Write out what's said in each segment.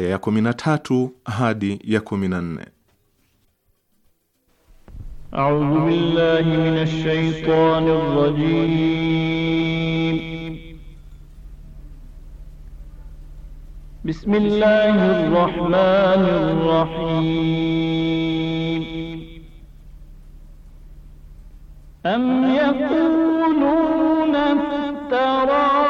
aya ya 13 hadi ya 14. A'udhu billahi minash shaitanir rajim. Bismillahir rahmanir rahim. Am yaquluna tara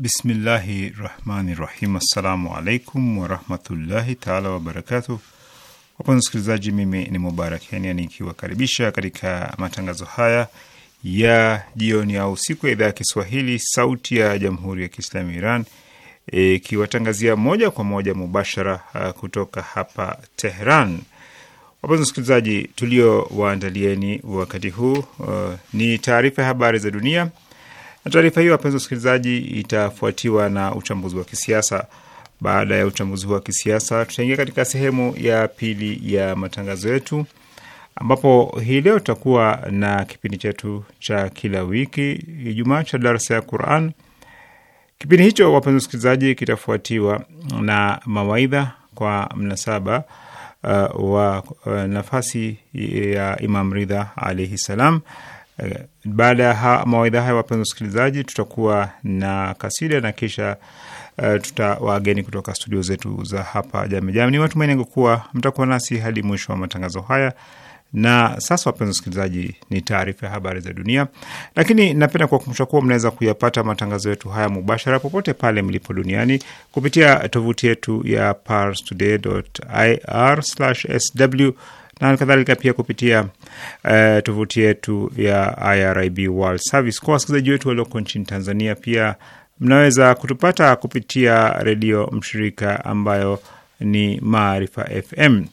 Bismillahi rahmani rahim. Assalamu alaikum warahmatullahi taala wabarakatu. Wapenzi wasikilizaji, mimi ni Mubarak Kenya nikiwakaribisha katika matangazo haya ya jioni au siku ya idhaa ya Kiswahili sauti ya jamhuri ya Kiislamu ya Iran ikiwatangazia e, moja kwa moja mubashara a, uh, kutoka hapa Tehran. Wapenzi wasikilizaji, tulio waandalieni wakati huu a, uh, ni taarifa ya habari za dunia na taarifa hiyo, wapenzi wasikilizaji, itafuatiwa na uchambuzi wa kisiasa. Baada ya uchambuzi huu wa kisiasa, tutaingia katika sehemu ya pili ya matangazo yetu, ambapo hii leo tutakuwa na kipindi chetu cha kila wiki Ijumaa cha darasa ya Quran. Kipindi hicho, wapenzi wasikilizaji, kitafuatiwa na mawaidha kwa mnasaba uh, wa uh, nafasi ya Imam Ridha alaihi salam Eh, baada ya mawaidha haya, wapenzi wasikilizaji, tutakuwa na kasida na kisha uh, wageni kutoka studio zetu za hapa Jamjam. Ni matumaini yangu kuwa mtakuwa nasi hadi mwisho wa matangazo haya. Na sasa wapenzi wasikilizaji, ni taarifa ya habari za dunia, lakini napenda kuwakumbusha kuwa mnaweza kuyapata matangazo yetu haya mubashara popote pale mlipo duniani kupitia tovuti yetu ya parstoday.ir/sw na halikadhalika pia kupitia uh, tovuti yetu ya IRIB World Service. Kwa wasikilizaji wetu walioko nchini Tanzania, pia mnaweza kutupata kupitia redio mshirika ambayo ni Maarifa FM.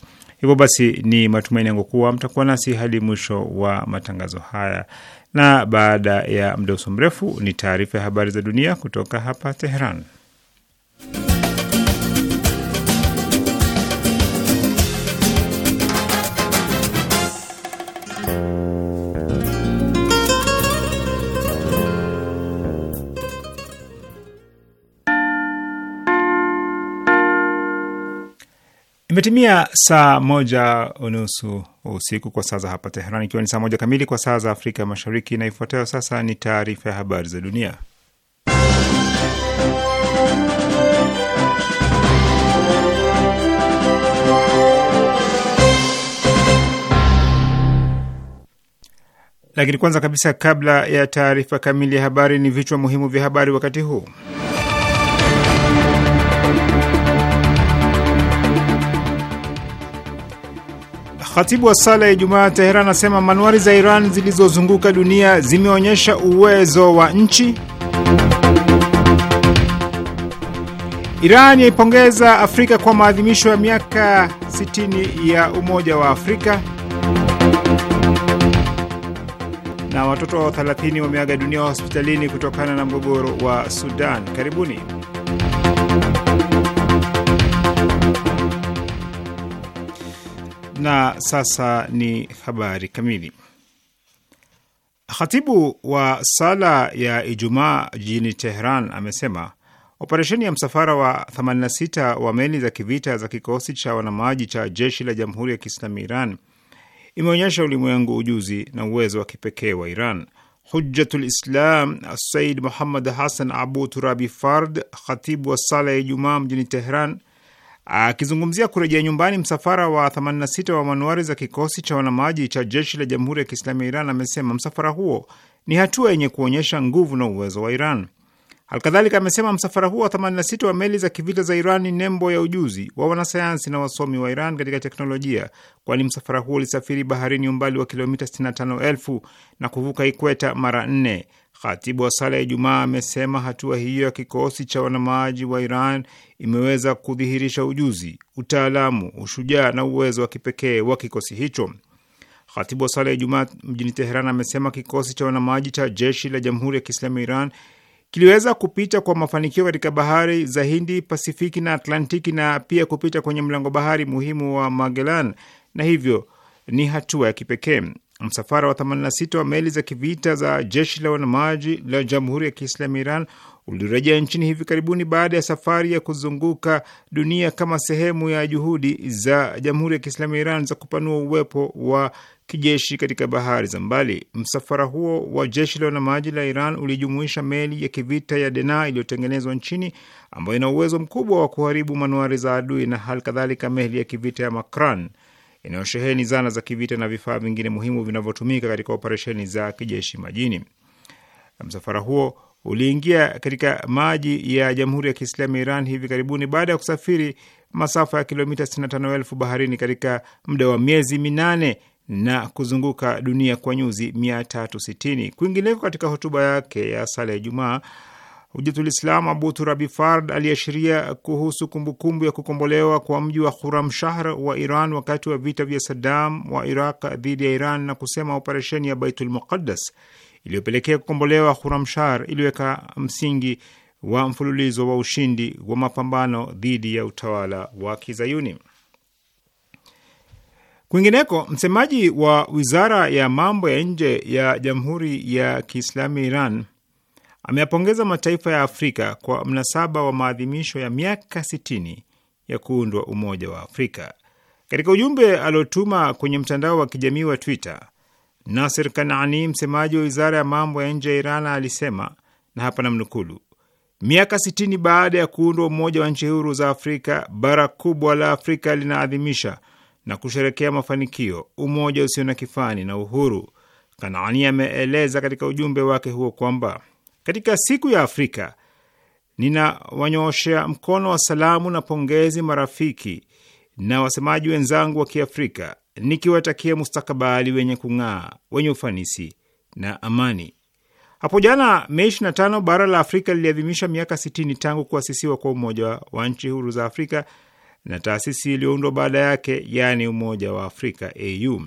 Hivyo basi, ni matumaini yangu kuwa mtakuwa nasi hadi mwisho wa matangazo haya, na baada ya muda usio mrefu ni taarifa ya habari za dunia kutoka hapa Teheran. Imetimia saa moja unusu usiku kwa saa za hapa Teheran, ikiwa ni saa moja kamili kwa saa za Afrika Mashariki, na ifuatayo sasa ni taarifa ya habari za dunia. Lakini kwanza kabisa, kabla ya taarifa kamili ya habari, ni vichwa muhimu vya habari wakati huu. Khatibu wa sala ya Ijumaa ya Teheran anasema manuari za Iran zilizozunguka dunia zimeonyesha uwezo wa nchi. Iran yaipongeza Afrika kwa maadhimisho ya miaka 60 ya Umoja wa Afrika. Na watoto 30 wameaga dunia hospitalini kutokana na mgogoro wa Sudan. Karibuni. Na sasa ni habari kamili. Khatibu wa sala ya Ijumaa jijini Tehran amesema operesheni ya msafara wa 86 wa meli za kivita za kikosi cha wanamaji cha jeshi la Jamhuri ya Kiislami Iran imeonyesha ulimwengu ujuzi na uwezo wa kipekee wa Iran. Hujjatul Islam Said Muhammad Hassan Abu Turabi Fard, khatibu wa sala ya Ijumaa mjini Tehran, Akizungumzia kurejea nyumbani msafara wa 86 wa manuari za kikosi cha wanamaji cha jeshi la jamhuri ya Kiislamu ya Iran amesema msafara huo ni hatua yenye kuonyesha nguvu na uwezo wa Iran. Halikadhalika amesema msafara huo wa 86 wa meli za kivita za Iran ni nembo ya ujuzi wa wanasayansi na wasomi wa Iran katika teknolojia, kwani msafara huo ulisafiri baharini umbali wa kilomita 65,000 na kuvuka ikweta mara nne. Khatibu wa sala ya Ijumaa amesema hatua hiyo ya kikosi cha wanamaji wa Iran imeweza kudhihirisha ujuzi, utaalamu, ushujaa na uwezo wa kipekee wa kikosi hicho. Khatibu wa sala ya Ijumaa mjini Teheran amesema kikosi cha wanamaji cha jeshi la Jamhuri ya Kiislamu ya Iran kiliweza kupita kwa mafanikio katika bahari za Hindi, Pasifiki na Atlantiki na pia kupita kwenye mlango bahari muhimu wa Magellan na hivyo ni hatua ya kipekee. Msafara wa 86 wa meli za kivita za jeshi la wanamaji la Jamhuri ya Kiislamu Iran ulirejea nchini hivi karibuni baada ya safari ya kuzunguka dunia kama sehemu ya juhudi za Jamhuri ya Kiislamu ya Iran za kupanua uwepo wa kijeshi katika bahari za mbali. Msafara huo wa jeshi la wanamaji la Iran ulijumuisha meli ya kivita ya Dena iliyotengenezwa nchini ambayo ina uwezo mkubwa wa kuharibu manuari za adui na hali kadhalika meli ya kivita ya Makran inayosheheni zana za kivita na vifaa vingine muhimu vinavyotumika katika operesheni za kijeshi majini. Msafara huo uliingia katika maji ya Jamhuri ya Kiislamu ya Iran hivi karibuni baada ya kusafiri masafa ya kilomita 65,000 baharini katika muda wa miezi minane na kuzunguka dunia kwa nyuzi 360. Kwingineko, katika hotuba yake ya sala ya Ijumaa, Hujatul Islam Abu Turabi Fard aliashiria kuhusu kumbukumbu ya kukombolewa kwa mji wa Khurramshahr wa Iran wakati wa vita vya Saddam wa Iraq dhidi ya Iran na kusema operesheni ya Baitul Muqaddas iliyopelekea kukombolewa Khurramshahr iliweka msingi wa mfululizo wa ushindi wa mapambano dhidi ya utawala wa Kizayuni. Kwingineko, msemaji wa wizara ya mambo ya nje ya Jamhuri ya Kiislamu ya Iran ameyapongeza mataifa ya Afrika kwa mnasaba wa maadhimisho ya miaka 60 ya kuundwa Umoja wa Afrika. Katika ujumbe aliotuma kwenye mtandao wa kijamii wa Twitter, nasir kanani msemaji wa wizara ya mambo ya nje ya Iran, alisema na hapa namnukulu: miaka 60 baada ya kuundwa umoja wa nchi huru za Afrika, bara kubwa la Afrika linaadhimisha na kusherekea mafanikio, umoja usio na kifani na uhuru. Kanaani ameeleza katika ujumbe wake huo kwamba katika siku ya Afrika ninawanyooshea mkono wa salamu na pongezi marafiki na wasemaji wenzangu wa Kiafrika, nikiwatakia mustakabali wenye kung'aa, wenye ufanisi na amani. Hapo jana Mei 25 bara la Afrika liliadhimisha miaka 60 tangu kuasisiwa kwa Umoja wa Nchi Huru za Afrika na taasisi iliyoundwa baada yake, yaani Umoja wa Afrika, AU.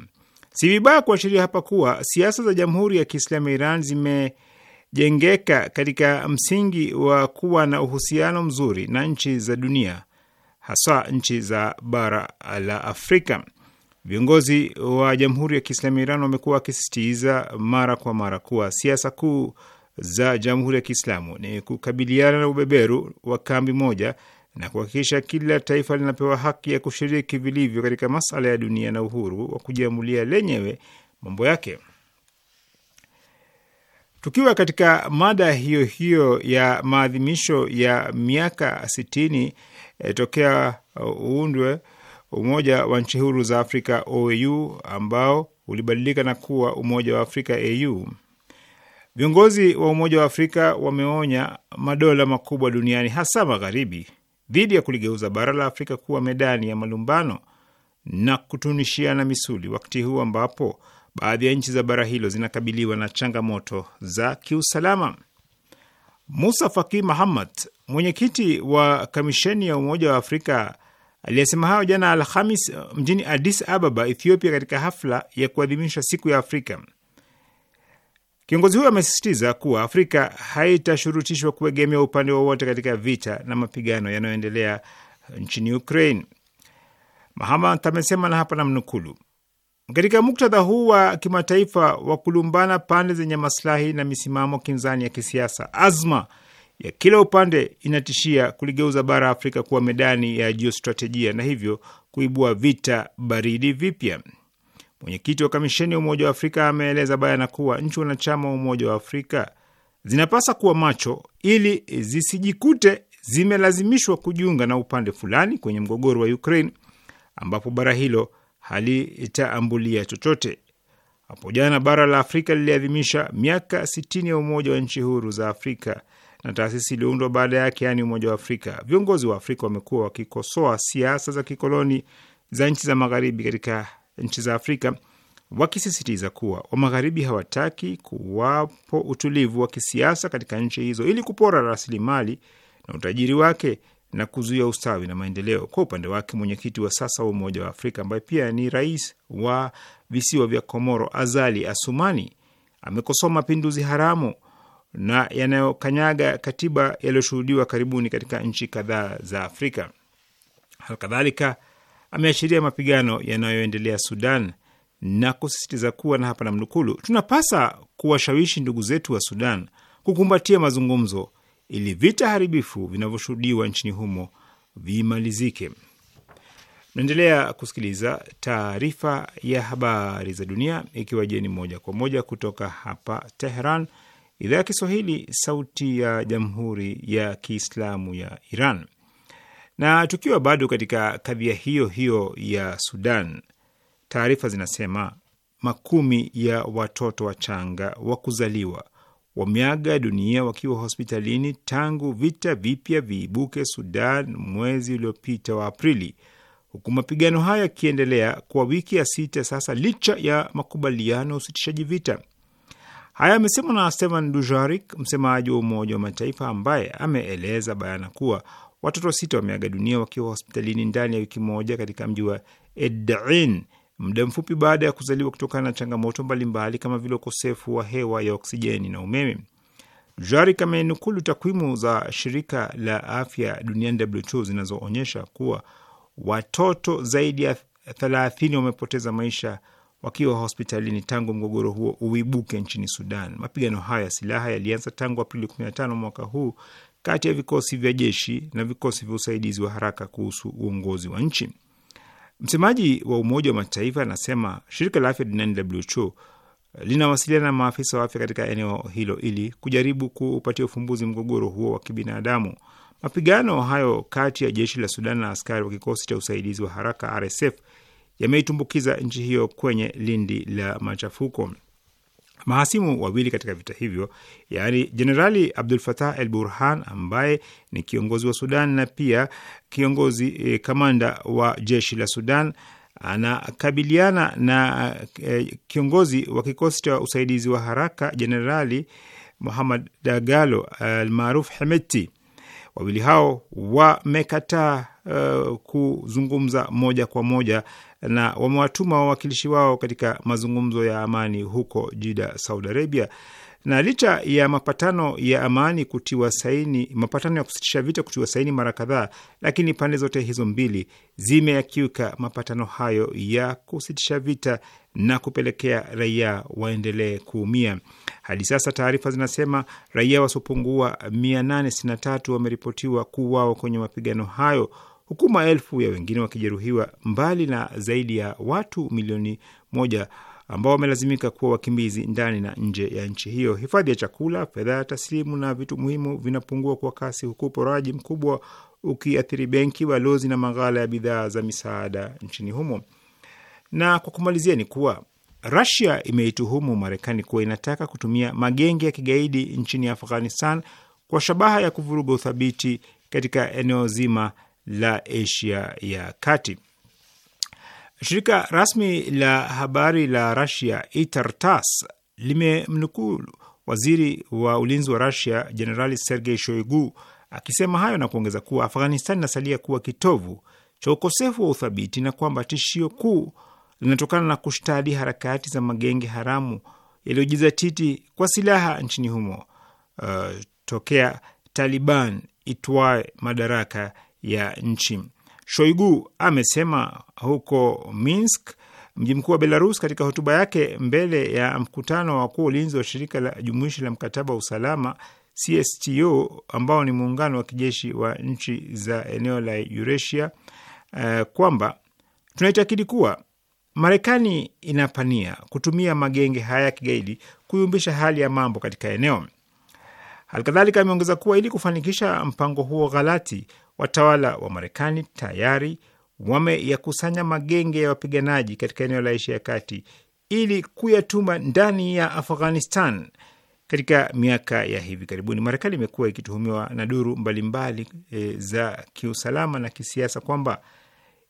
Si vibaya kuashiria hapa kuwa siasa za Jamhuri ya Kiislamu ya Iran zime jengeka katika msingi wa kuwa na uhusiano mzuri na nchi za dunia, hasa nchi za bara la Afrika. Viongozi wa Jamhuri ya Kiislamu ya Iran wamekuwa wakisisitiza mara kwa mara kuwa siasa kuu za Jamhuri ya Kiislamu ni kukabiliana na ubeberu wa kambi moja na kuhakikisha kila taifa linapewa haki ya kushiriki vilivyo katika masala ya dunia na uhuru wa kujiamulia lenyewe mambo yake. Tukiwa katika mada hiyo hiyo ya maadhimisho ya miaka sitini eh, tokea uh, uundwe Umoja wa Nchi Huru za Afrika OAU ambao ulibadilika na kuwa Umoja wa Afrika AU, viongozi wa Umoja wa Afrika wameonya madola makubwa duniani hasa magharibi dhidi ya kuligeuza bara la Afrika kuwa medani ya malumbano na kutunishiana misuli wakati huu ambapo baadhi ya nchi za bara hilo zinakabiliwa na changamoto za kiusalama. Musa Faki Mahamad, mwenyekiti wa kamisheni ya Umoja wa Afrika, aliyesema hayo jana Alhamis mjini Addis Ababa, Ethiopia, katika hafla ya kuadhimisha siku ya Afrika. Kiongozi huyo amesisitiza kuwa Afrika haitashurutishwa kuegemea upande wowote katika vita na mapigano yanayoendelea nchini Ukraine. Mahamad amesema, na hapa namnukulu katika muktadha huu wa kimataifa wa kulumbana pande zenye maslahi na misimamo kinzani ya kisiasa, azma ya kila upande inatishia kuligeuza bara Afrika kuwa medani ya jiostratejia na hivyo kuibua vita baridi vipya. Mwenyekiti wa kamisheni ya Umoja wa Afrika ameeleza bayana kuwa nchi wanachama wa Umoja wa Afrika zinapasa kuwa macho ili zisijikute zimelazimishwa kujiunga na upande fulani kwenye mgogoro wa Ukraine ambapo bara hilo halitaambulia chochote. Hapo jana bara la Afrika liliadhimisha miaka 60 ya umoja wa nchi huru za Afrika na taasisi iliyoundwa baada yake, yaani Umoja wa Afrika. Viongozi wa Afrika wamekuwa wakikosoa siasa za kikoloni za nchi za magharibi katika nchi za Afrika, wakisisitiza kuwa wamagharibi hawataki kuwapo utulivu wa kisiasa katika nchi hizo ili kupora rasilimali na utajiri wake na kuzuia ustawi na maendeleo. Kwa upande wake, mwenyekiti wa sasa wa Umoja wa Afrika ambaye pia ni rais wa visiwa vya Komoro, Azali Asumani, amekosoa mapinduzi haramu na yanayokanyaga katiba yaliyoshuhudiwa karibuni katika nchi kadhaa za Afrika. Halikadhalika, ameashiria mapigano yanayoendelea Sudan na kusisitiza kuwa, na hapa namnukulu, tunapasa kuwashawishi ndugu zetu wa Sudan kukumbatia mazungumzo ili vita haribifu vinavyoshuhudiwa nchini humo vimalizike. Naendelea kusikiliza taarifa ya habari za dunia ikiwa jeni moja kwa moja kutoka hapa Teheran, idhaa ya Kiswahili, sauti ya jamhuri ya kiislamu ya Iran. Na tukiwa bado katika kadhia hiyo hiyo ya Sudan, taarifa zinasema makumi ya watoto wachanga wa kuzaliwa wameaga dunia wakiwa hospitalini tangu vita vipya viibuke Sudan mwezi uliopita wa Aprili, huku mapigano hayo yakiendelea kwa wiki ya sita sasa, licha ya makubaliano ya usitishaji vita. Haya amesemwa na Stephane Dujarric, msemaji wa Umoja wa Mataifa, ambaye ameeleza bayana kuwa watoto sita wameaga dunia wakiwa hospitalini ndani ya wiki moja katika mji wa Edain muda mfupi baada ya kuzaliwa kutokana na changamoto mbalimbali kama vile ukosefu wa hewa ya oksijeni na umeme. jari amenukulu takwimu za shirika la afya duniani WHO zinazoonyesha kuwa watoto zaidi ya thelathini wamepoteza maisha wakiwa hospitalini tangu mgogoro huo uibuke nchini Sudan. Mapigano hayo ya silaha yalianza tangu Aprili 15 mwaka huu kati ya vikosi vya jeshi na vikosi vya usaidizi wa haraka kuhusu uongozi wa nchi. Msemaji wa Umoja wa Mataifa anasema shirika la afya duniani WHO eh, linawasiliana na maafisa wa afya katika eneo hilo ili kujaribu kuupatia ufumbuzi mgogoro huo wa kibinadamu. Mapigano hayo kati ya jeshi la Sudan na askari wa kikosi cha usaidizi wa haraka RSF yameitumbukiza nchi hiyo kwenye lindi la machafuko. Mahasimu wawili katika vita hivyo, yaani Jenerali Abdul Fatah El Burhan ambaye ni kiongozi wa Sudan na pia kiongozi e, kamanda wa jeshi la Sudan anakabiliana na e, kiongozi wa kikosi cha usaidizi wa haraka Jenerali Muhammad Dagalo almaaruf Hemeti. Wawili hao wamekataa uh, kuzungumza moja kwa moja na wamewatuma wawakilishi wao katika mazungumzo ya amani huko Jida, Saudi Arabia. Na licha ya mapatano ya amani kutiwa saini, mapatano ya kusitisha vita kutiwa saini mara kadhaa, lakini pande zote hizo mbili zimeyakiuka mapatano hayo ya kusitisha vita na kupelekea raia waendelee kuumia. Hadi sasa taarifa zinasema raia wasiopungua 863 wameripotiwa kuuawa kwenye mapigano hayo huku maelfu ya wengine wakijeruhiwa, mbali na zaidi ya watu milioni moja ambao wamelazimika kuwa wakimbizi ndani na nje ya nchi hiyo. Hifadhi ya chakula, fedha ya taslimu na vitu muhimu vinapungua kwa kasi, huku uporaji mkubwa ukiathiri benki, balozi na maghala ya bidhaa za misaada nchini humo. Na kwa kumalizia ni kuwa Rasia imeituhumu Marekani kuwa inataka kutumia magenge ya kigaidi nchini Afghanistan kwa shabaha ya kuvuruga uthabiti katika eneo zima la Asia ya Kati. Shirika rasmi la habari la Rasia Itartas limemnukuu waziri wa ulinzi wa Rasia Jenerali Sergei Shoigu akisema hayo na kuongeza kuwa Afghanistan inasalia kuwa kitovu cha ukosefu wa uthabiti na kwamba tishio kuu linatokana na kushtadi harakati za magenge haramu yaliyojizatiti kwa silaha nchini humo uh, tokea Taliban itwae madaraka ya nchi. Shoigu amesema huko Minsk, mji mkuu wa Belarus, katika hotuba yake mbele ya mkutano wa wakuu ulinzi wa shirika la jumuishi la mkataba wa usalama CSTO, ambao ni muungano wa kijeshi wa nchi za eneo la Eurasia, uh, kwamba tunaitakidi kuwa Marekani inapania kutumia magenge haya ya kigaidi kuyumbisha hali ya mambo katika eneo. Halikadhalika ameongeza kuwa ili kufanikisha mpango huo ghalati, watawala wa Marekani tayari wameyakusanya magenge ya wapiganaji katika eneo la Asia ya Kati ili kuyatuma ndani ya Afghanistan. Katika miaka ya hivi karibuni, Marekani imekuwa ikituhumiwa na duru mbalimbali e, za kiusalama na kisiasa kwamba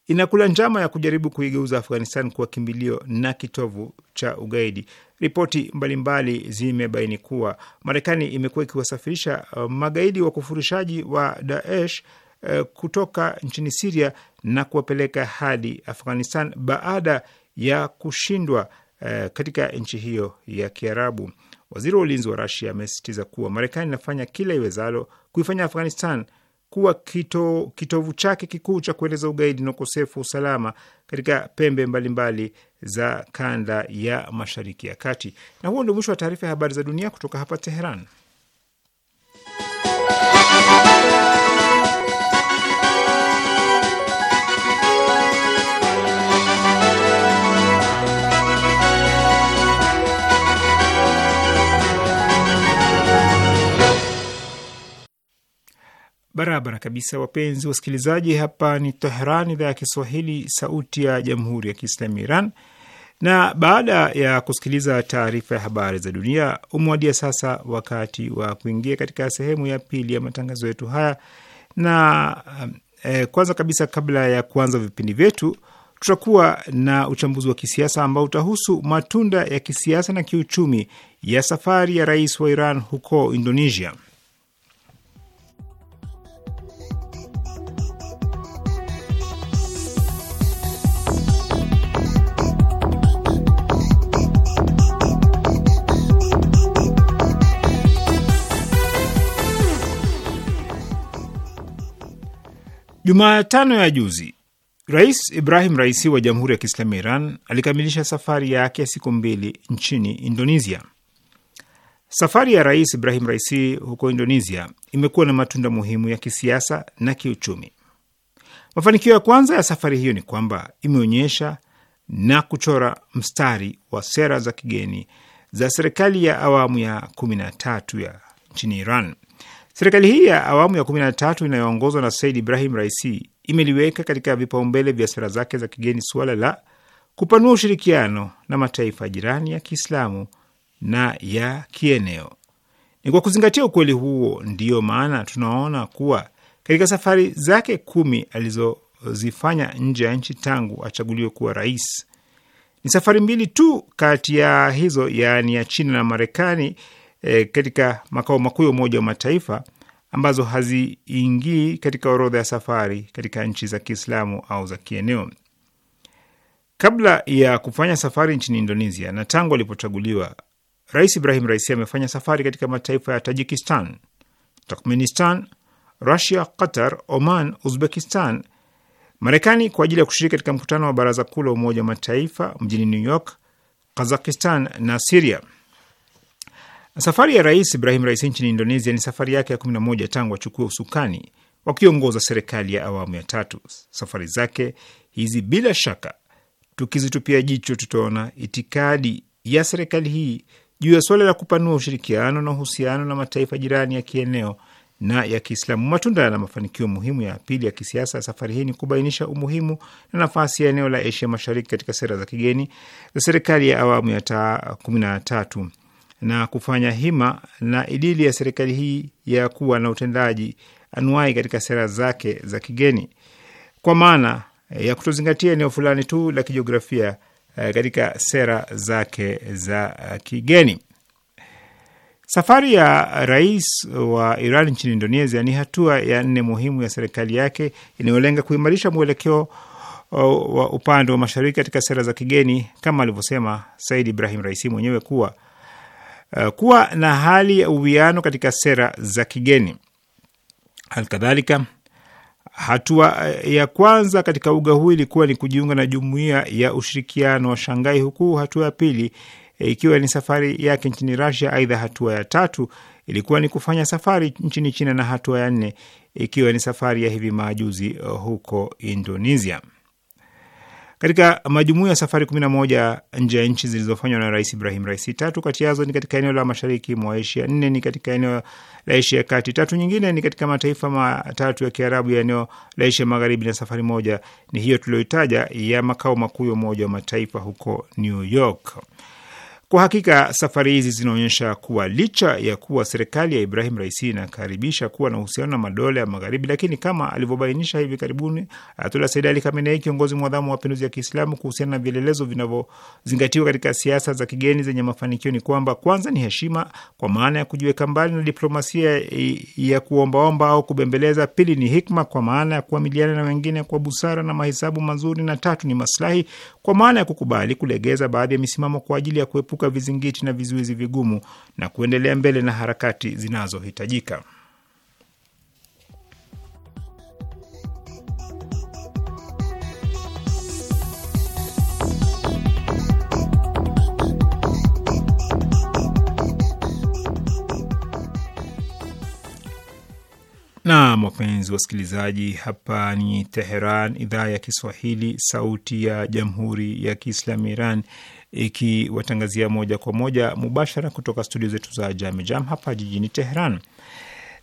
inakula njama ya kujaribu kuigeuza Afghanistan kuwa kimbilio na kitovu cha ugaidi. Ripoti mbalimbali zimebaini kuwa Marekani imekuwa ikiwasafirisha e, magaidi wa kufurishaji wa Daesh Eh, kutoka nchini Siria na kuwapeleka hadi Afghanistan baada ya kushindwa eh, katika nchi hiyo ya Kiarabu. Waziri wa ulinzi wa Rasia amesisitiza kuwa Marekani inafanya kila iwezalo kuifanya Afghanistan kuwa kito, kitovu chake kikuu cha kueleza ugaidi na ukosefu wa usalama katika pembe mbalimbali mbali za kanda ya Mashariki ya Kati. Na huo ndio mwisho wa taarifa ya habari za dunia kutoka hapa Teheran. Barabara kabisa, wapenzi wasikilizaji, hapa ni Tehran, idhaa ya Kiswahili, sauti ya jamhuri ya kiislamu Iran. Na baada ya kusikiliza taarifa ya habari za dunia, umwadia sasa wakati wa kuingia katika sehemu ya pili ya matangazo yetu haya. Na eh, kwanza kabisa, kabla ya kuanza vipindi vyetu, tutakuwa na uchambuzi wa kisiasa ambao utahusu matunda ya kisiasa na kiuchumi ya safari ya rais wa Iran huko Indonesia. Jumatano ya juzi Rais Ibrahim Raisi wa Jamhuri ya Kiislamu ya Iran alikamilisha safari yake ya siku mbili nchini Indonesia. Safari ya Rais Ibrahim Raisi huko Indonesia imekuwa na matunda muhimu ya kisiasa na kiuchumi. Mafanikio ya kwanza ya safari hiyo ni kwamba imeonyesha na kuchora mstari wa sera za kigeni za serikali ya awamu ya kumi na tatu ya nchini Iran. Serikali hii ya awamu ya kumi na tatu inayoongozwa na Said Ibrahim Raisi imeliweka katika vipaumbele vya sera zake za kigeni suala la kupanua ushirikiano na mataifa jirani ya Kiislamu na ya kieneo. Ni kwa kuzingatia ukweli huo ndiyo maana tunaona kuwa katika safari zake kumi alizozifanya nje ya nchi tangu achaguliwe kuwa rais, ni safari mbili tu kati ya hizo, yaani ya China na Marekani, e, katika makao makuu ya Umoja wa Mataifa ambazo haziingii katika orodha ya safari katika nchi za Kiislamu au za kieneo. Kabla ya kufanya safari nchini Indonesia na tangu alipochaguliwa, Rais Ibrahim Raisi amefanya safari katika mataifa ya Tajikistan, Turkmenistan, Rusia, Qatar, Oman, Uzbekistan, Marekani kwa ajili ya kushiriki katika mkutano wa Baraza Kuu la Umoja wa Mataifa mjini New York, Kazakistan na Siria. Safari ya Rais Ibrahim Raisi nchini Indonesia ni safari yake ya 11 tangu achukue usukani wakiongoza serikali ya awamu ya tatu. Safari zake hizi, bila shaka, tukizitupia jicho, tutaona itikadi ya serikali hii juu ya suala la kupanua ushirikiano na uhusiano na mataifa jirani ya kieneo na ya Kiislamu. Matunda na mafanikio muhimu ya pili ya kisiasa ya safari hii ni kubainisha umuhimu na nafasi ya eneo la Asia Mashariki katika sera za kigeni za serikali ya awamu ya kumi na tatu na kufanya hima na idili ya serikali hii ya kuwa na utendaji anuai katika sera zake za kigeni, kwa maana eh, ya kutozingatia eneo fulani tu la kijiografia eh, katika sera zake za eh, kigeni. Safari ya rais wa Iran nchini Indonesia ni hatua ya nne muhimu ya serikali yake inayolenga kuimarisha mwelekeo oh, wa upande wa mashariki katika sera za kigeni, kama alivyosema Said Ibrahim Raisi mwenyewe kuwa Eh, kuwa na hali ya uwiano katika sera za kigeni. Halikadhalika, hatua eh, ya kwanza katika uga huu ilikuwa ni kujiunga na jumuiya ya ushirikiano wa Shangai, huku hatua ya pili eh, ikiwa ni safari yake nchini rasia Aidha, hatua ya tatu ilikuwa ni kufanya safari nchini China na hatua ya nne ikiwa ni safari ya hivi majuzi huko Indonesia katika majumuia ya safari 11 nje ya nchi zilizofanywa na Rais Ibrahim Raisi. Tatu kati yazo ni katika eneo la mashariki mwa Asia, nne ni katika eneo la Asia ya kati, tatu nyingine ni katika mataifa matatu ya Kiarabu ya eneo la Asia magharibi, na safari moja ni hiyo tuliyoitaja ya makao makuu ya Umoja wa Mataifa huko New York. Kwa hakika safari hizi zinaonyesha kuwa licha ya kuwa serikali ya Ibrahim Raisi inakaribisha kuwa na uhusiano na madola ya Magharibi, lakini kama alivyobainisha hivi karibuni Ayatullah Said Ali Khamenei, kiongozi mwadhamu wa mapinduzi ya Kiislamu, kuhusiana na vielelezo vinavyozingatiwa katika siasa za kigeni zenye mafanikio ni kwamba kwanza ni heshima, kwa maana ya kujiweka mbali na diplomasia ya kuombaomba au kubembeleza; pili ni hikma, kwa maana ya kuamiliana na wengine kwa busara na mahesabu mazuri; na tatu ni maslahi, kwa maana ya kukubali kulegeza baadhi ya misimamo kwa ajili ya kuepuka kuepuka vizingiti na vizuizi vigumu na kuendelea mbele na harakati zinazohitajika. Nam, wapenzi wasikilizaji, hapa ni Teheran, idhaa ya Kiswahili, sauti ya jamhuri ya kiislamu Iran ikiwatangazia moja kwa moja mubashara kutoka studio zetu za Jam hapa jijini Teheran.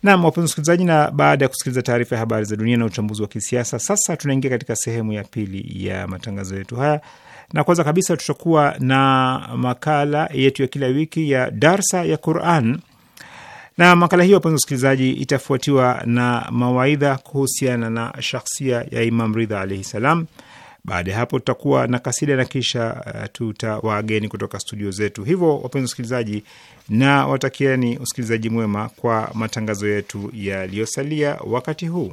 Nam, wapenzi wasikilizaji, na baada ya kusikiliza taarifa ya habari za dunia na uchambuzi wa kisiasa, sasa tunaingia katika sehemu ya pili ya matangazo yetu haya, na kwanza kabisa tutakuwa na makala yetu ya kila wiki ya darsa ya Quran na makala hiyo, wapenzi wasikilizaji, itafuatiwa na mawaidha kuhusiana na shakhsia ya Imam Ridha alaihi salam baada ya hapo, tutakuwa na kasida na kisha uh, tutawageni kutoka studio zetu. Hivyo wapenzi wasikilizaji, na watakieni usikilizaji mwema kwa matangazo yetu yaliyosalia wakati huu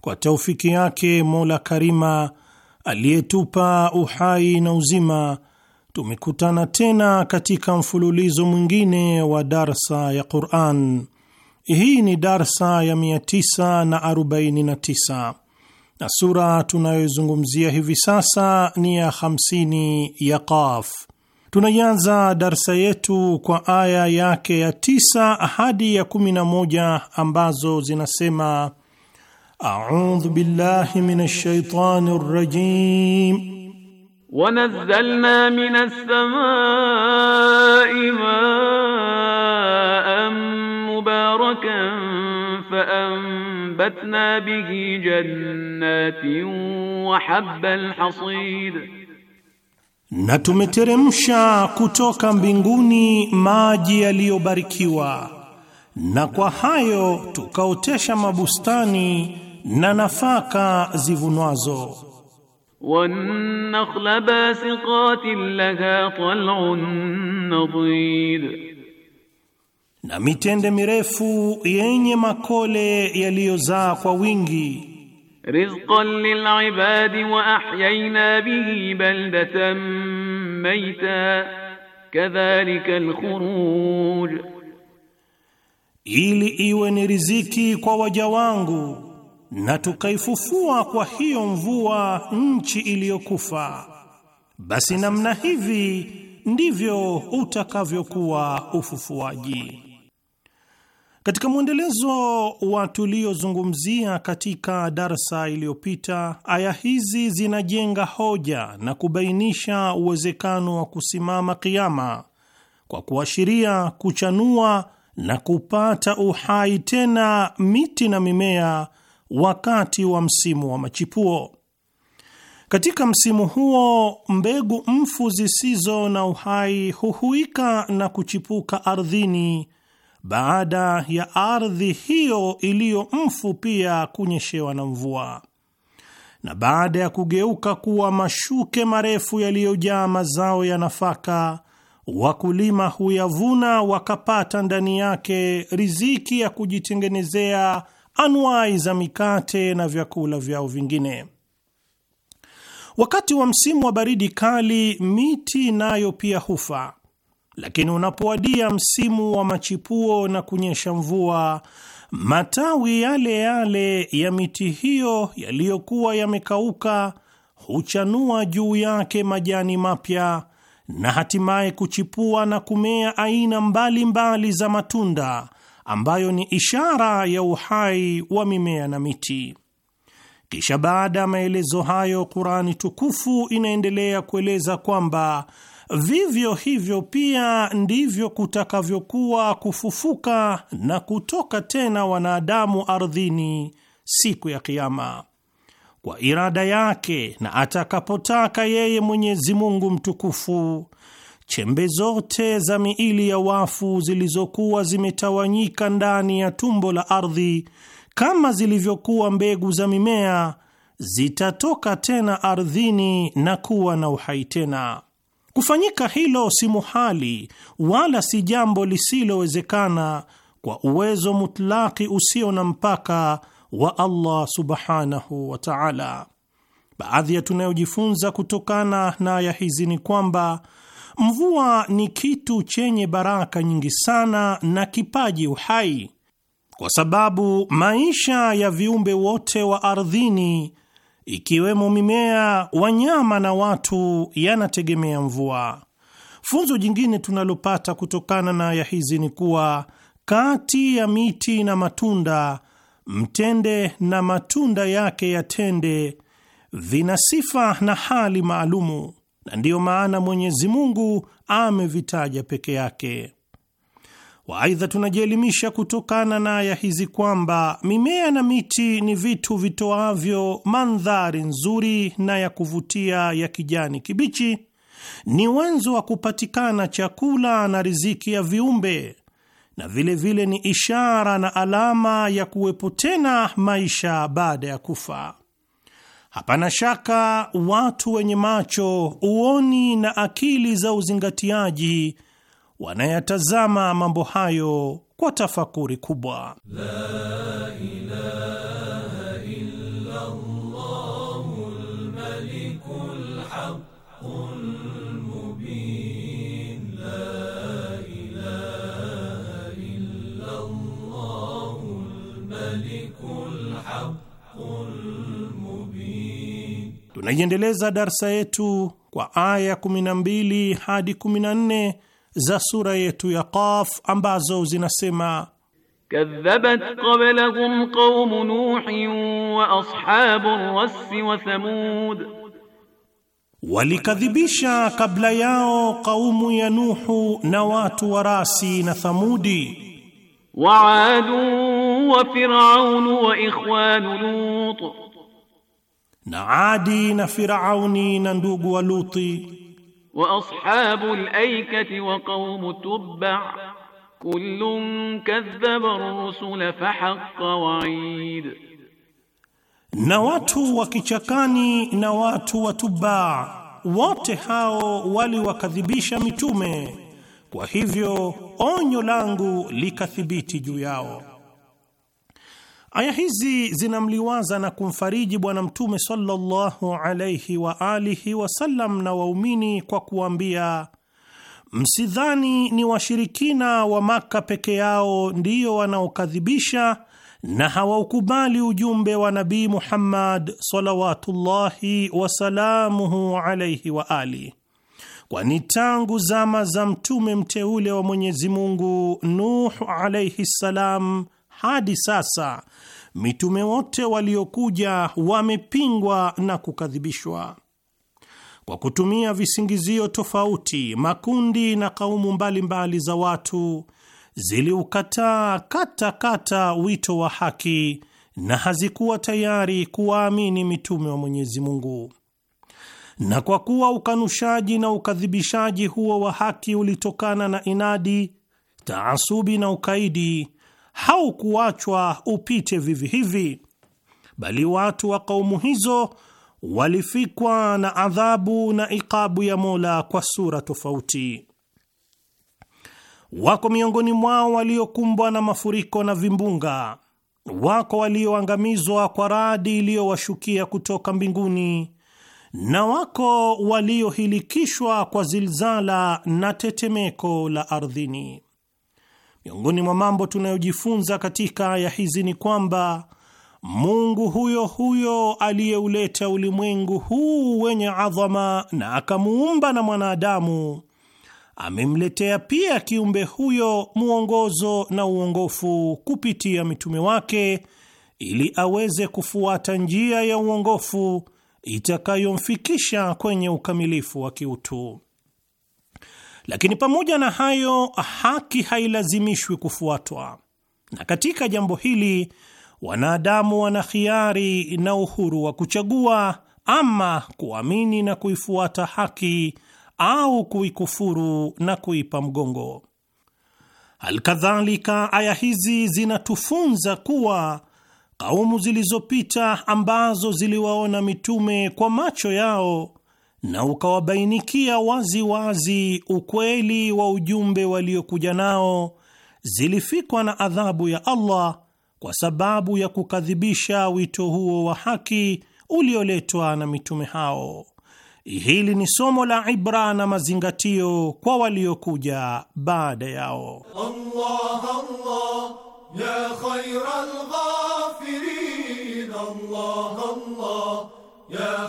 kwa taufiki yake Mola Karima aliyetupa uhai na uzima, tumekutana tena katika mfululizo mwingine wa darsa ya Quran. Hii ni darsa ya 949 na sura tunayozungumzia hivi sasa ni ya 50 ya Qaf. Tunaianza darsa yetu kwa aya yake ya 9 hadi ya 11 ambazo zinasema أعوذ بالله من الشيطان الرجيم ونزلنا من السماء ماء مباركا فأنبتنا به جنات وحب الحصيد na tumeteremsha kutoka mbinguni maji yaliyobarikiwa na kwa hayo tukaotesha mabustani na nafaka zivunwazo. Wan-nakhla basiqatin laha tal'un nadid, na mitende mirefu yenye makole yaliyozaa kwa wingi. Rizqan lil'ibadi wa ahyayna bihi baldatan mayta kadhalika al-khuruj, ili iwe ni riziki kwa waja wangu na tukaifufua kwa hiyo mvua nchi iliyokufa, basi namna hivi ndivyo utakavyokuwa ufufuaji. Katika mwendelezo wa tuliozungumzia katika darsa iliyopita, aya hizi zinajenga hoja na kubainisha uwezekano wa kusimama kiama kwa kuashiria kuchanua na kupata uhai tena miti na mimea wakati wa msimu wa machipuo. Katika msimu huo mbegu mfu zisizo na uhai huhuika na kuchipuka ardhini baada ya ardhi hiyo iliyo mfu pia kunyeshewa na mvua, na baada ya kugeuka kuwa mashuke marefu yaliyojaa mazao ya nafaka, wakulima huyavuna wakapata ndani yake riziki ya kujitengenezea anwai za mikate na vyakula vyao vingine. Wakati wa msimu wa baridi kali, miti nayo pia hufa, lakini unapowadia msimu wa machipuo na kunyesha mvua, matawi yale yale ya miti hiyo yaliyokuwa yamekauka huchanua juu yake majani mapya na hatimaye kuchipua na kumea aina mbalimbali mbali za matunda ambayo ni ishara ya uhai wa mimea na miti. Kisha baada ya maelezo hayo, Kurani tukufu inaendelea kueleza kwamba vivyo hivyo pia ndivyo kutakavyokuwa kufufuka na kutoka tena wanadamu ardhini siku ya Kiama kwa irada yake na atakapotaka yeye Mwenyezi Mungu mtukufu chembe zote za miili ya wafu zilizokuwa zimetawanyika ndani ya tumbo la ardhi, kama zilivyokuwa mbegu za mimea, zitatoka tena ardhini na kuwa na uhai tena. Kufanyika hilo si muhali wala si jambo lisilowezekana kwa uwezo mutlaki usio na mpaka wa Allah subhanahu wa ta'ala. Baadhi ya tunayojifunza kutokana na aya hizi ni kwamba Mvua ni kitu chenye baraka nyingi sana na kipaji uhai, kwa sababu maisha ya viumbe wote wa ardhini, ikiwemo mimea, wanyama na watu, yanategemea mvua. Funzo jingine tunalopata kutokana na aya hizi ni kuwa kati ya miti na matunda, mtende na matunda yake ya tende vina sifa na hali maalumu na ndiyo maana Mwenyezi Mungu amevitaja peke yake. Waaidha, tunajielimisha kutokana na aya hizi kwamba mimea na miti ni vitu vitoavyo mandhari nzuri na ya kuvutia ya kijani kibichi, ni wenzo wa kupatikana chakula na riziki ya viumbe, na vilevile vile ni ishara na alama ya kuwepo tena maisha baada ya kufa. Hapana shaka watu wenye macho, uoni na akili za uzingatiaji wanayatazama mambo hayo kwa tafakuri kubwa la ilaha Tunaiendeleza darsa yetu kwa aya 12 hadi 14 za sura yetu ya Qaf ambazo zinasema: kadhabat qablahum qaum nuhin wa ashabur ras wa thamud, walikadhibisha kabla yao kaumu ya Nuhu na watu wa Rasi na Thamudi, wa adu wa fir'aun wa ikhwan Lut na Adi na Firauni na ndugu wa Luti. Wa al aikati wa qaum tubba kullun kadhaba rusula fahaqqa wa'id, na watu wa kichakani na watu wa Tubba wote hao waliwakadhibisha mitume, kwa hivyo onyo langu likathibiti juu yao. Aya hizi zinamliwaza na kumfariji Bwana Mtume sallallahu alaihi wa alihi wasallam na waumini kwa kuambia, msidhani ni washirikina wa Maka peke yao ndiyo wanaokadhibisha na hawaukubali ujumbe wa Nabii Muhammad salawatullahi wasalamuhu alaihi wa ali, kwani tangu zama za mtume mteule wa Mwenyezi Mungu Nuh alaihi ssalam hadi sasa mitume wote waliokuja wamepingwa na kukadhibishwa kwa kutumia visingizio tofauti. Makundi na kaumu mbalimbali mbali za watu ziliukataa katakata wito wa haki na hazikuwa tayari kuwaamini mitume wa Mwenyezi Mungu. Na kwa kuwa ukanushaji na ukadhibishaji huo wa haki ulitokana na inadi, taasubi na ukaidi haukuachwa upite vivi hivi, bali watu wa kaumu hizo walifikwa na adhabu na iqabu ya Mola kwa sura tofauti. Wako miongoni mwao waliokumbwa na mafuriko na vimbunga, wako walioangamizwa kwa radi iliyowashukia kutoka mbinguni, na wako waliohilikishwa kwa zilzala na tetemeko la ardhini. Miongoni mwa mambo tunayojifunza katika aya hizi ni kwamba Mungu huyo huyo aliyeuleta ulimwengu huu wenye adhama na akamuumba na mwanadamu amemletea pia kiumbe huyo mwongozo na uongofu kupitia mitume wake ili aweze kufuata njia ya uongofu itakayomfikisha kwenye ukamilifu wa kiutu. Lakini pamoja na hayo, haki hailazimishwi kufuatwa, na katika jambo hili wanadamu wana hiari na uhuru wa kuchagua ama kuamini na kuifuata haki au kuikufuru na kuipa mgongo. Alkadhalika, aya hizi zinatufunza kuwa kaumu zilizopita ambazo ziliwaona mitume kwa macho yao na ukawabainikia wazi wazi ukweli wa ujumbe waliokuja nao, zilifikwa na adhabu ya Allah kwa sababu ya kukadhibisha wito huo wa haki ulioletwa na mitume hao. Hili ni somo la ibra na mazingatio kwa waliokuja baada yao. Allah, Allah, ya khairal ghafirin, Allah, Allah, ya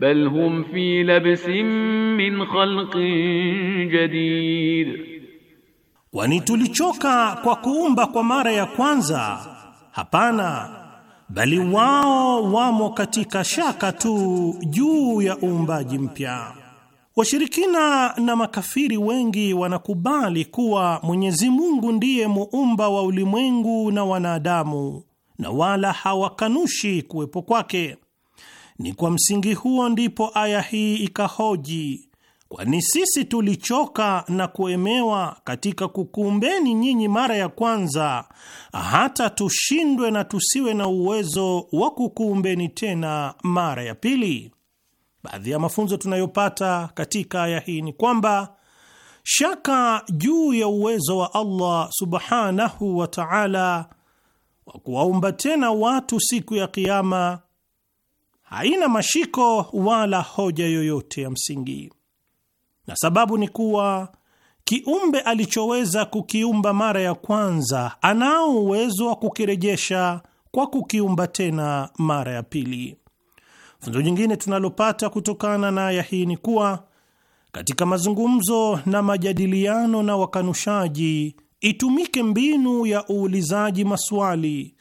bal hum fi labsin min khalqin jadid, wani tulichoka kwa kuumba kwa mara ya kwanza? Hapana, bali wao wamo katika shaka tu juu ya uumbaji mpya. Washirikina na makafiri wengi wanakubali kuwa Mwenyezi Mungu ndiye muumba wa ulimwengu na wanadamu, na wala hawakanushi kuwepo kwake ni kwa msingi huo ndipo aya hii ikahoji, kwani sisi tulichoka na kuemewa katika kukuumbeni nyinyi mara ya kwanza, hata tushindwe na tusiwe na uwezo wa kukuumbeni tena mara ya pili. Baadhi ya mafunzo tunayopata katika aya hii ni kwamba shaka juu ya uwezo wa Allah subhanahu wa ta'ala wa kuwaumba tena watu siku ya kiama haina mashiko wala hoja yoyote ya msingi, na sababu ni kuwa kiumbe alichoweza kukiumba mara ya kwanza anao uwezo wa kukirejesha kwa kukiumba tena mara ya pili. Funzo jingine tunalopata kutokana na aya hii ni kuwa katika mazungumzo na majadiliano na wakanushaji, itumike mbinu ya uulizaji maswali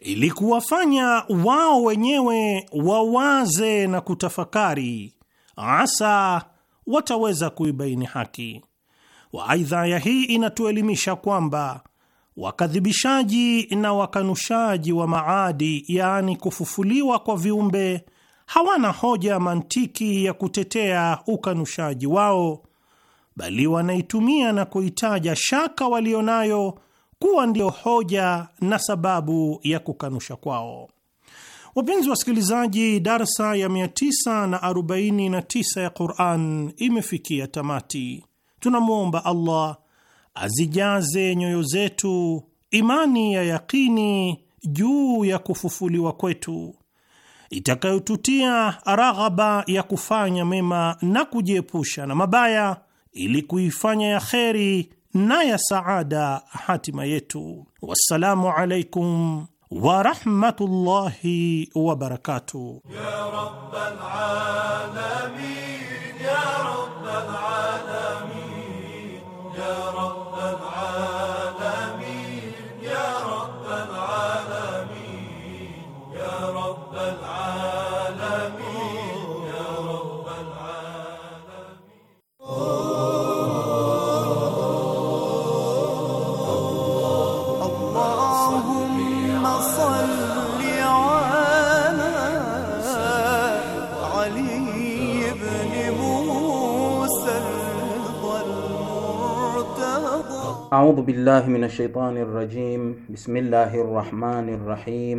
ili kuwafanya wao wenyewe wawaze na kutafakari, asa wataweza kuibaini haki. Waaidha, ya hii inatuelimisha kwamba wakadhibishaji na wakanushaji wa maadi, yaani kufufuliwa kwa viumbe, hawana hoja mantiki ya kutetea ukanushaji wao, bali wanaitumia na kuitaja shaka walionayo kuwa ndiyo hoja na sababu ya kukanusha kwao. Wapenzi wasikilizaji, darsa ya 949 ya Quran imefikia tamati. Tunamwomba Allah azijaze nyoyo zetu imani ya yaqini juu ya kufufuliwa kwetu itakayotutia raghaba ya kufanya mema na kujiepusha na mabaya ili kuifanya ya kheri na ya saada hatima yetu. Wassalamu alaikum warahmatullahi wabarakatuh. العالمين أعوذ بالله من الشيطان الرجيم بسم الله الرحمن الرحيم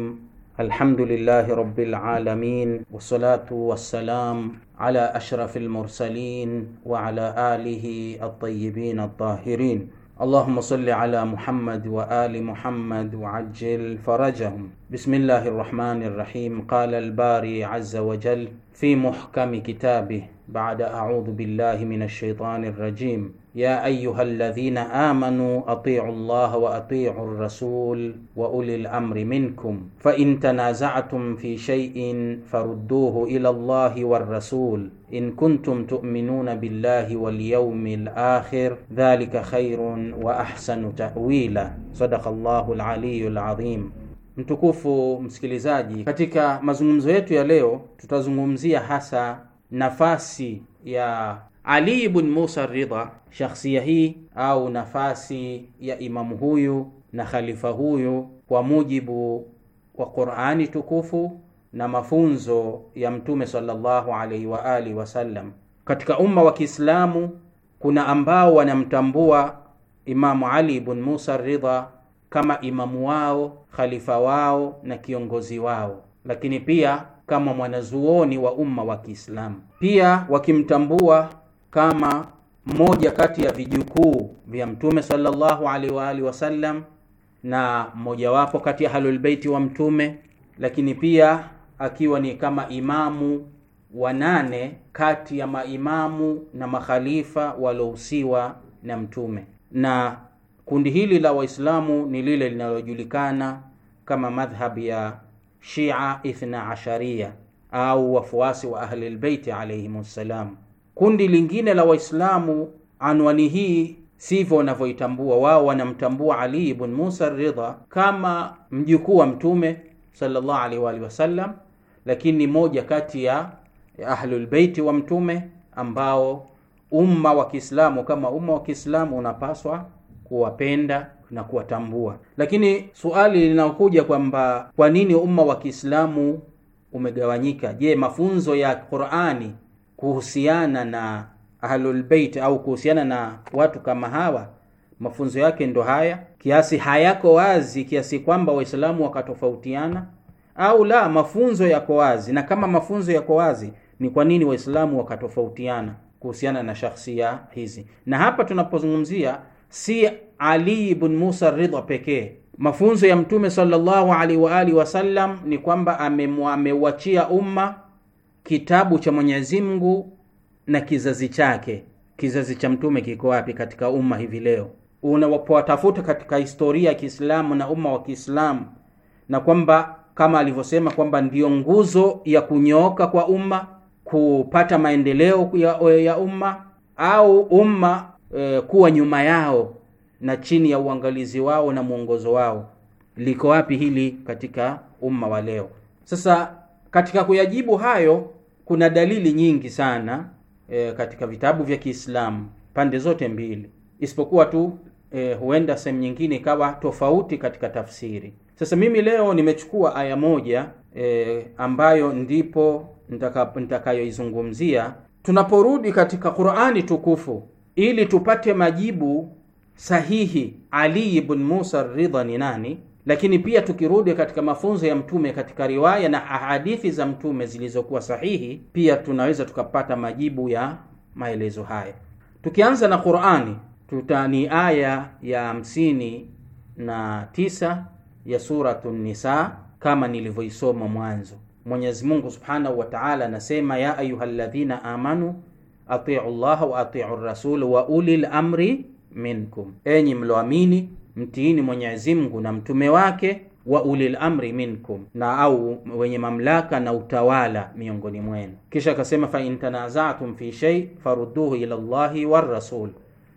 الحمد لله رب العالمين والصلاة والسلام على أشرف المرسلين وعلى آله الطيبين الطاهرين اللهم صل على محمد وآل محمد وعجل فرجهم بسم الله الرحمن الرحيم قال الباري عز وجل في محكم كتابه بعد اعوذ بالله من الشيطان الرجيم يا ايها الذين امنوا اطيعوا الله واطيعوا الرسول واولي الامر منكم فان تنازعتم في شيء فردوه الى الله والرسول ان كنتم تؤمنون بالله واليوم الاخر ذلك خير واحسن تاويلا صدق الله العلي العظيم Mtukufu msikilizaji, katika mazungumzo yetu ya leo tutazungumzia hasa nafasi ya Ali ibn Musa Ridha, shakhsia hii au nafasi ya imamu huyu na khalifa huyu kwa mujibu wa Qur'ani tukufu na mafunzo ya Mtume sallallahu alaihi wa alihi wasallam. Katika umma wa Kiislamu kuna ambao wanamtambua Imamu Ali ibn Musa Ridha kama imamu wao, khalifa wao na kiongozi wao, lakini pia kama mwanazuoni wa umma wa Kiislamu, pia wakimtambua kama mmoja kati ya vijukuu vya Mtume sallallahu alaihi wa alihi wasallam na mmojawapo kati ya ahlulbeiti wa Mtume, lakini pia akiwa ni kama imamu wa nane kati ya maimamu na makhalifa waliohusiwa na Mtume na Kundi hili la Waislamu ni lile linalojulikana kama madhhab ya Shia Ithna Asharia au wafuasi wa Ahlilbeiti alayhim ssalam. Kundi lingine la Waislamu, anwani hii sivyo wanavyoitambua wao. Wanamtambua Ali ibn Musa Ridha kama mjukuu wa Mtume sallallahu alaihi wa alihi wasallam, lakini ni moja kati ya Ahlulbeiti wa Mtume ambao umma wa Kiislamu kama umma wa Kiislamu unapaswa kuwapenda na kuwatambua. Lakini suali linaokuja kwamba kwa nini umma wa Kiislamu umegawanyika? Je, mafunzo ya Qur'ani kuhusiana na Ahlul Bait au kuhusiana na watu kama hawa mafunzo yake ndo haya kiasi hayako wazi kiasi kwamba Waislamu wakatofautiana au la? Mafunzo yako wazi, na kama mafunzo yako wazi, ni kwa nini Waislamu wakatofautiana kuhusiana na shakhsia hizi? Na hapa tunapozungumzia si Ali ibn Musa Ridha pekee. Mafunzo ya Mtume sallallahu alaihi wa alihi wasallam ni kwamba ameuachia umma kitabu cha Mwenyezi Mungu na kizazi chake. Kizazi cha Mtume kiko wapi katika umma hivi leo? Unapowatafuta katika historia ya Kiislamu na umma wa Kiislamu, na kwamba kama alivyosema kwamba ndiyo nguzo ya kunyooka kwa umma, kupata maendeleo ya, ya umma au umma Eh, kuwa nyuma yao na chini ya uangalizi wao na mwongozo wao. Liko wapi hili katika umma wa leo? Sasa katika kuyajibu hayo kuna dalili nyingi sana e, katika vitabu vya Kiislamu pande zote mbili, isipokuwa tu e, huenda sehemu nyingine ikawa tofauti katika tafsiri. Sasa mimi leo nimechukua aya moja e, ambayo ndipo nitakayoizungumzia. Tunaporudi katika Qur'ani tukufu ili tupate majibu sahihi Ali ibn Musa Ridha ni nani, lakini pia tukirudi katika mafunzo ya Mtume katika riwaya na ahadithi za Mtume zilizokuwa sahihi, pia tunaweza tukapata majibu ya maelezo haya. Tukianza na Qur'ani, tutani ni aya ya hamsini na tisa ya Suratu Nisa kama nilivyoisoma mwanzo. Mwenyezi Mungu Subhanahu wa Ta'ala anasema, ya ayuhalladhina amanu atiu llaha wa atiu rasul wa ulil amri minkum, enyi mloamini mtiini Mwenyezi Mungu na mtume wake wa ulil amri minkum, na au wenye mamlaka na utawala miongoni mwenu. Kisha akasema fa in tanazatum fi shay farudduhu ila llahi war rasul,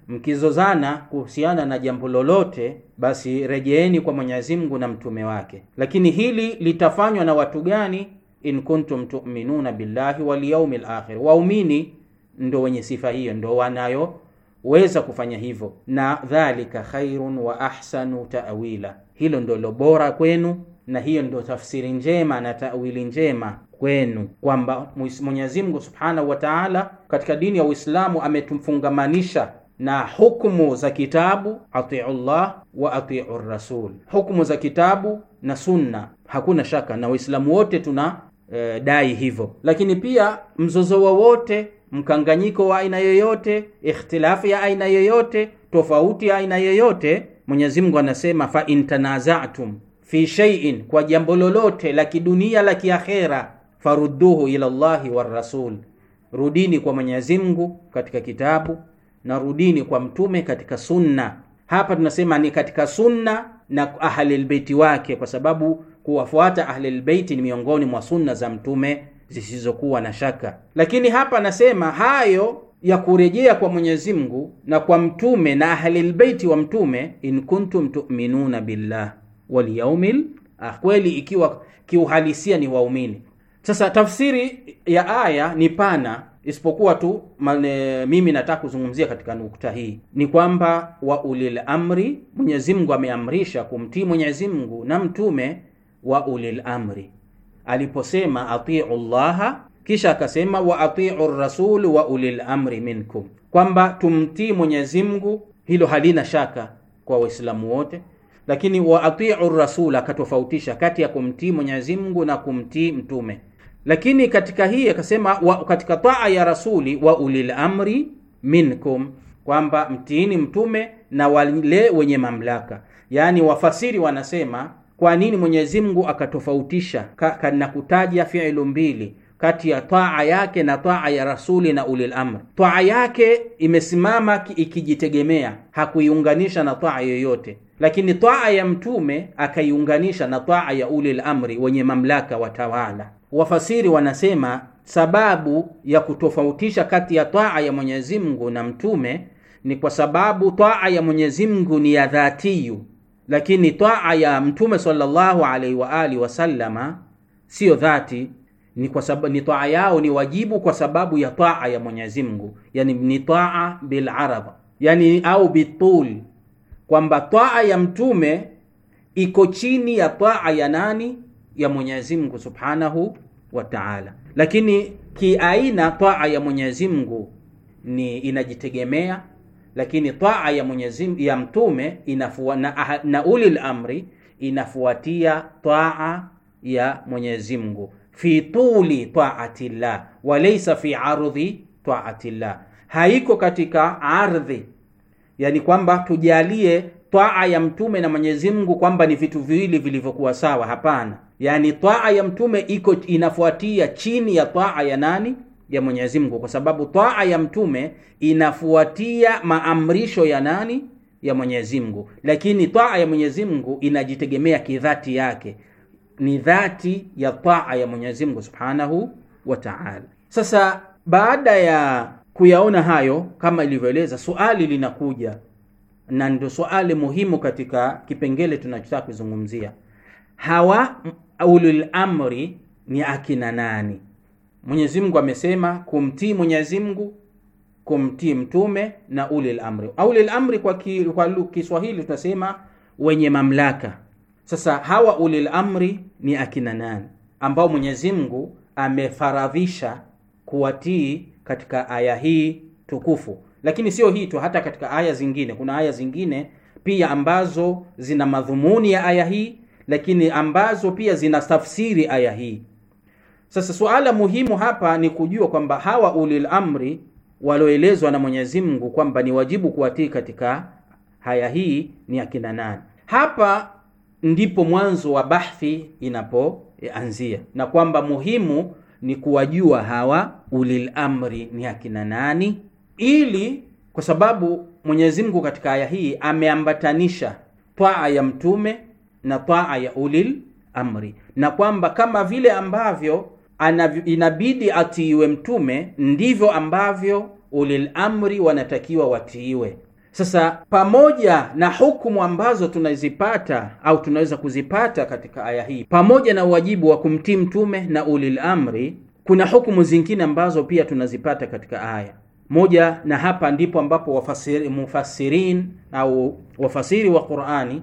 mkizozana kuhusiana na jambo lolote, basi rejeeni kwa Mwenyezi Mungu na mtume wake. Lakini hili litafanywa na watu gani? In kuntum tu'minuna billahi wal yawmil akhir, waumini ndo wenye sifa hiyo, ndo wanayoweza kufanya hivyo. Na dhalika khairun wa ahsanu ta'wila, hilo ndolo bora kwenu na hiyo ndo tafsiri njema na tawili njema kwenu, kwamba Mwenyezi Mungu Subhanahu wa Ta'ala katika dini ya Uislamu ametufungamanisha na hukumu za kitabu, atiu llah wa atiu rasul, hukumu za kitabu na sunna. Hakuna shaka na Waislamu wote tuna e, dai hivyo. Lakini pia mzozo wowote, mkanganyiko wa aina yoyote, ikhtilafu ya aina yoyote, tofauti ya aina yoyote, Mwenyezi Mungu anasema fa intanazatum fi shay'in, kwa jambo lolote la kidunia la kiakhera, farudduhu ila Allahi war rasul, rudini kwa Mwenyezi Mungu katika kitabu na rudini kwa mtume katika sunna. Hapa tunasema ni katika sunna na ahlilbeiti wake, kwa sababu kuwafuata ahlilbeiti ni miongoni mwa sunna za mtume zisizokuwa na shaka. Lakini hapa nasema hayo ya kurejea kwa Mwenyezi Mungu na kwa mtume na ahlilbeiti wa mtume, in kuntum tuminuna billah wal kweli ikiwa kiuhalisia ni waumini. Sasa tafsiri ya aya ni pana, isipokuwa tu mane, mimi nataka kuzungumzia katika nukta hii ni kwamba wa ulil amri, Mwenyezi Mungu ameamrisha kumtii Mwenyezi Mungu na mtume wa ulil amri, aliposema atiu llaha, kisha akasema wa atiu rasuli wa ulil amri minkum, kwamba tumtii Mwenyezi Mungu, hilo halina shaka kwa Waislamu wote lakini wa atiu rasul akatofautisha kati ya kumtii Mwenyezi Mungu na kumtii mtume. Lakini katika hii akasema katika taa ya rasuli wa ulil amri minkum, kwamba mtiini mtume na wale wenye mamlaka. Yani wafasiri wanasema kwa nini Mwenyezi Mungu akatofautisha ka, na kutaja fiilu mbili kati ya taa yake na taa ya rasuli na ulil amr? Taa yake imesimama ikijitegemea, hakuiunganisha na taa yoyote, lakini taa ya mtume akaiunganisha na taa ya ulil amri, wenye mamlaka, watawala. Wafasiri wanasema sababu ya kutofautisha kati ya taa ya Mwenyezi Mungu na mtume ni kwa sababu taa ya Mwenyezi Mungu ni ya dhatiyu lakini taa ya mtume sallallahu alaihi wa alihi wasallama siyo dhati ni kwa sababu ni taa yao ni wajibu kwa sababu ya taa ya Mwenyezi Mungu, yani ni taa bil arada, yani au bitul, kwamba taa ya mtume iko chini ya taa ya nani? Ya Mwenyezi Mungu subhanahu wa taala. Lakini kiaina taa ya Mwenyezi Mungu ni inajitegemea lakini taa ya Mwenyezi ya mtume inafua, na, ah, na ulil amri inafuatia taa ya Mwenyezi Mungu fi tuli taati wa laysa fi ardhi taatillah, haiko katika ardhi, yani kwamba tujalie taa ya mtume na Mwenyezi Mungu kwamba ni vitu viwili vilivyokuwa sawa. Hapana, yani taa ya mtume iko inafuatia chini ya taa ya nani? ya Mwenyezi Mungu, kwa sababu taa ya mtume inafuatia maamrisho ya nani? Ya Mwenyezi Mungu. Lakini taa ya Mwenyezi Mungu inajitegemea kidhati yake, ni dhati ya taa ya Mwenyezi Mungu Subhanahu wa Ta'ala. Sasa baada ya kuyaona hayo kama ilivyoeleza, swali linakuja na ndio swali muhimu katika kipengele tunachotaka kuzungumzia. Hawa ulul amri ni akina nani? Mwenyezi Mungu amesema kumtii Mwenyezi Mungu, kumtii mtume na ulil amri. Ulil amri kwa, ki, kwa Kiswahili tunasema wenye mamlaka. Sasa hawa ulil amri ni akina nani ambao Mwenyezi Mungu amefaradhisha kuwatii katika aya hii tukufu? Lakini sio hii tu, hata katika aya zingine, kuna aya zingine pia ambazo zina madhumuni ya aya hii, lakini ambazo pia zina tafsiri aya hii. Sasa suala muhimu hapa ni kujua kwamba hawa ulil amri walioelezwa na Mwenyezi Mungu kwamba ni wajibu kuwatii katika haya hii ni akina nani? Hapa ndipo mwanzo wa bahthi inapoanzia, na kwamba muhimu ni kuwajua hawa ulil amri ni akina nani, ili kwa sababu Mwenyezi Mungu katika aya hii ameambatanisha twaa ya mtume na twaa ya ulil amri, na kwamba kama vile ambavyo anav, inabidi atiiwe mtume, ndivyo ambavyo ulil amri wanatakiwa watiiwe. Sasa pamoja na hukumu ambazo tunazipata au tunaweza kuzipata katika aya hii, pamoja na uwajibu wa kumtii mtume na ulil amri, kuna hukumu zingine ambazo pia tunazipata katika aya moja, na hapa ndipo ambapo wafasiri, mufasirin au wafasiri wa Qur'ani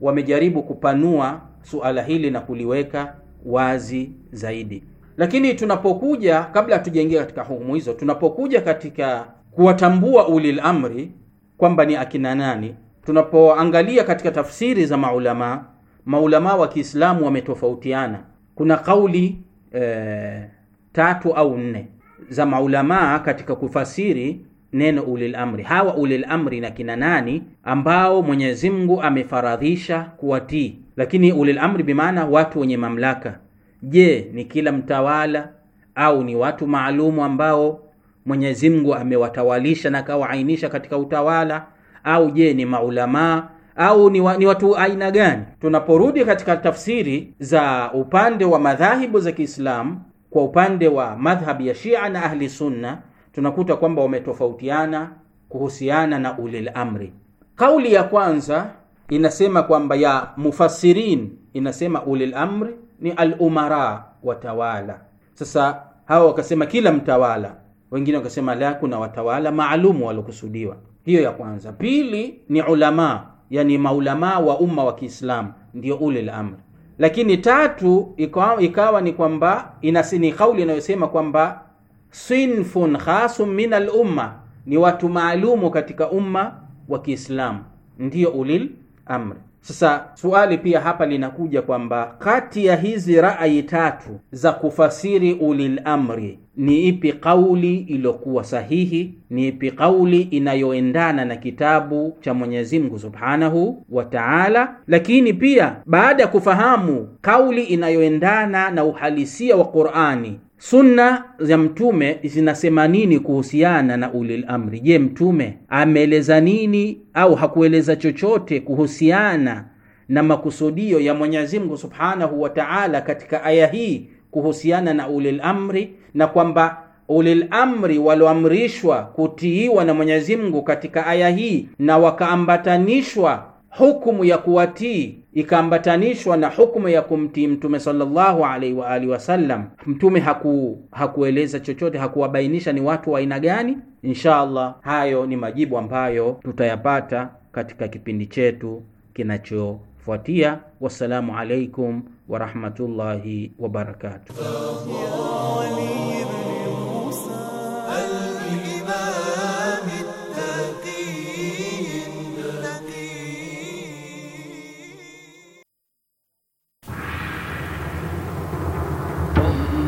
wamejaribu kupanua suala hili na kuliweka wazi zaidi. Lakini tunapokuja kabla hatujaingia katika hukumu hizo, tunapokuja katika kuwatambua ulil amri kwamba ni akina nani, tunapoangalia katika tafsiri za maulamaa, maulamaa wa Kiislamu wametofautiana. Kuna kauli e, tatu au nne za maulamaa katika kufasiri neno ulil amri. Hawa ulil amri na kina nani ambao Mwenyezi Mungu amefaradhisha kuwatii, lakini ulil amri bimaana watu wenye mamlaka Je, ni kila mtawala au ni watu maalumu ambao Mwenyezi Mungu amewatawalisha na akawaainisha katika utawala, au je ni maulamaa au ni, wa, ni watu aina gani? Tunaporudi katika tafsiri za upande wa madhahibu za Kiislamu, kwa upande wa madhhabi ya Shia na Ahli Sunna, tunakuta kwamba wametofautiana kuhusiana na ulil amri. Kauli ya kwanza inasema kwamba ya mufasirin inasema ulil amri ni al-umara watawala. Sasa hawa wakasema kila mtawala, wengine wakasema la, kuna watawala maalumu walokusudiwa Hiyo ya kwanza. Pili ni ulama, yani maulamaa wa umma wa Kiislamu ndio ulil amri. Lakini tatu ikawa, ikawa ni kwamba inasini kauli inayosema kwamba sinfun khasum min al umma, ni watu maalumu katika umma wa Kiislamu ndio ulil amri. Sasa swali pia hapa linakuja kwamba kati ya hizi rai tatu za kufasiri ulil amri ni ipi kauli iliyokuwa sahihi? Ni ipi kauli inayoendana na kitabu cha Mwenyezi Mungu Subhanahu wa Ta'ala? Lakini pia baada ya kufahamu kauli inayoendana na uhalisia wa Qur'ani Sunna za mtume zinasema nini kuhusiana na ulil amri? Je, mtume ameeleza nini au hakueleza chochote kuhusiana na makusudio ya Mwenyezi Mungu Subhanahu wa Ta'ala katika aya hii kuhusiana na ulil amri, na kwamba ulil amri walioamrishwa kutiiwa na Mwenyezi Mungu katika aya hii na wakaambatanishwa hukumu ya kuwatii ikaambatanishwa na hukumu ya kumtii mtume sallallahu alaihi wa alihi wasallam. Mtume haku hakueleza chochote, hakuwabainisha ni watu wa aina gani. Insha allah hayo ni majibu ambayo tutayapata katika kipindi chetu kinachofuatia. Wassalamu alaikum warahmatullahi wabarakatuh.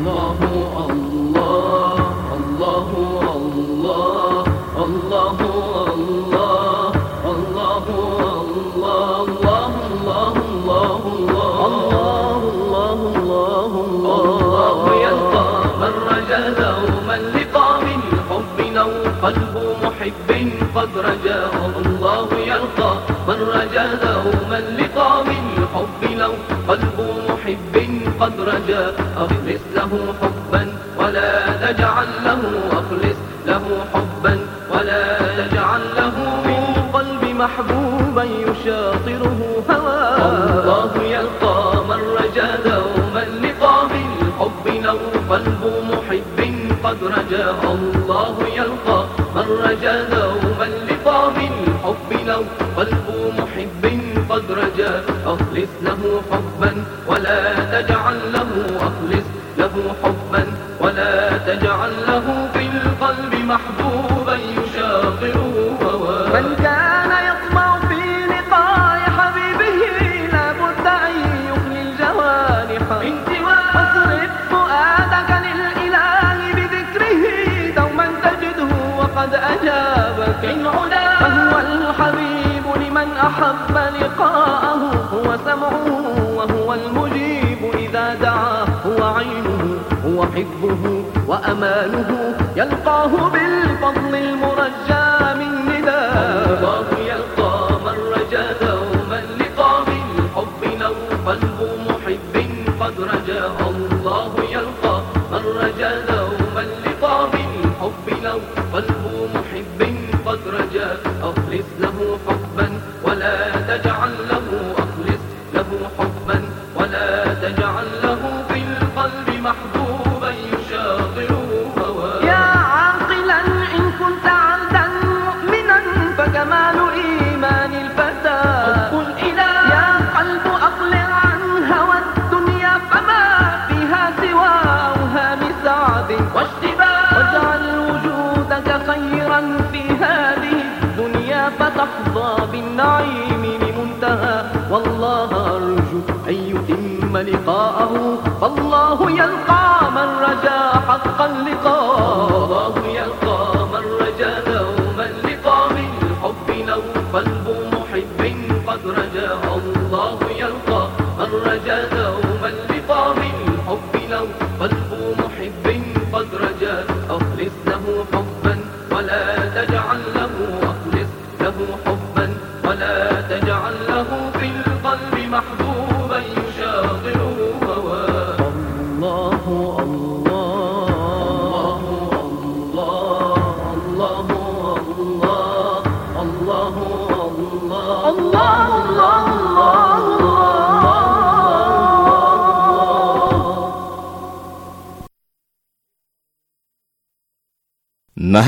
الله الله الله الله الله الله الله الله الله الله الله الله الله الله الله يلقى من رجا دوما لقى من حب لو قلب محب قد رجاه الله يلقى من رجا دوما لقى من حب لو قلب محب قد رجا أخلص له حبا ولا تجعل له أخلص له حبا ولا تجعل له من قلب محبوبا يشاطره هوى الله يلقى من رجا دوما لقى بالحب لو قلب محب قد رجا الله يلقى من رجا دوما لقى بالحب لو قلب محب قد رجا أخلص له حبا وحبه وأمانه يلقاه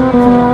Thank you.